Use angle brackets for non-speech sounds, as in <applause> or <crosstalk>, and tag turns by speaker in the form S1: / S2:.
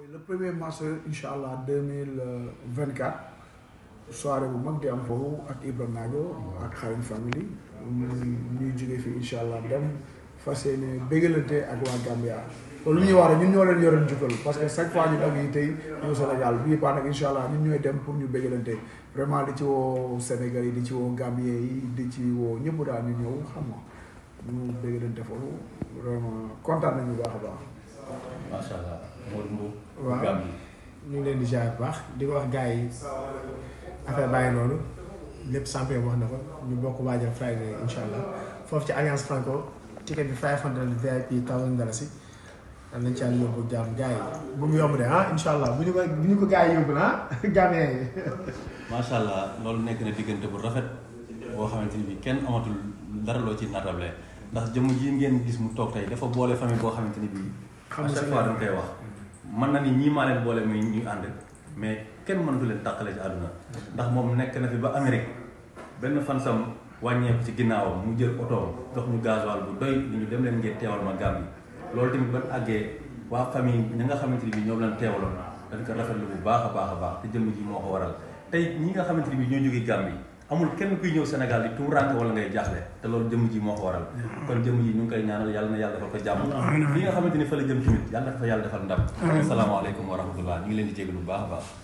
S1: le premier mars incha allah deux mille vingt quatre soirée bu mag di am foofu ak Ibra Nadio ak Xarim ñuy jóge fii incha allah dem fas yéene bégalante ak waa Gambia loolu lu ñuy wax ñun ñoo leen yoreen jukkal parce que chaque fois ñu dag yi tey ñëw Sénégal bii paa nag incha allah ñun ñooy dem pour ñu bégalante vraiment di ci woo Sénégal yi di ci woo Gambien yi di ci woo ñëpp daal ñu ñëw xam nga ñu bégalante foofu vraiment kontaan nañu baax
S2: baax. di baax di ko wax gars yi affaire bàyyi noonu lépp champion wax na ko ñu bokk waajal Friday incha allah foofu ci alliance franco ticket bi five hundred VIP thousand dalasi am nañ ci àll yóbbu jàmm gars yi bu mu yomb de ah incha bu ñu ko bu ñu ko gars yi yóbbu ah gàmmee <laughs> yi.
S3: macha loolu nekk ne diggante bu rafet boo xamante ni bi kenn amatul dara loo ci natable ndax jëmm ji ngeen gis mu toog tey dafa boole famille boo xamante ni bii. xam nga chaque fois dañ koy wax. mën na ni ñii maa leen boole muy ñuy ànd mais kenn mënatu leen tàqale ci àdduna ndax moom nekk na fi ba Amérique benn fan fansam wàññeeku ci ginnaawam mu jël otoom jox ñu gasoil bu doy li ñu dem leen ngee teewal ma Gàmbi loolu tamit ban àggee waa famille ñi nga xamante ni bi ñoom lañ teewaloon dañ ko rafetlu bu baax a baax a baax te jëmm ji moo ko waral tey ñi nga xamante ni bi ñoo jógee Gàmbi amul kenn kuy ñëw Sénégal di tuurànke wala ngay jaaxle te lool jëm ji moo ko waral kon jëmm ji ñu ngi koy ñaanal yàlla na yàlla defal ko jàmm li nga xamante ni fa la jëm tamit yàlla na fa yàlla defal ndam asalaamaaleykum wa rahmatullah ñu ngi leen di jégalu bu baax a baax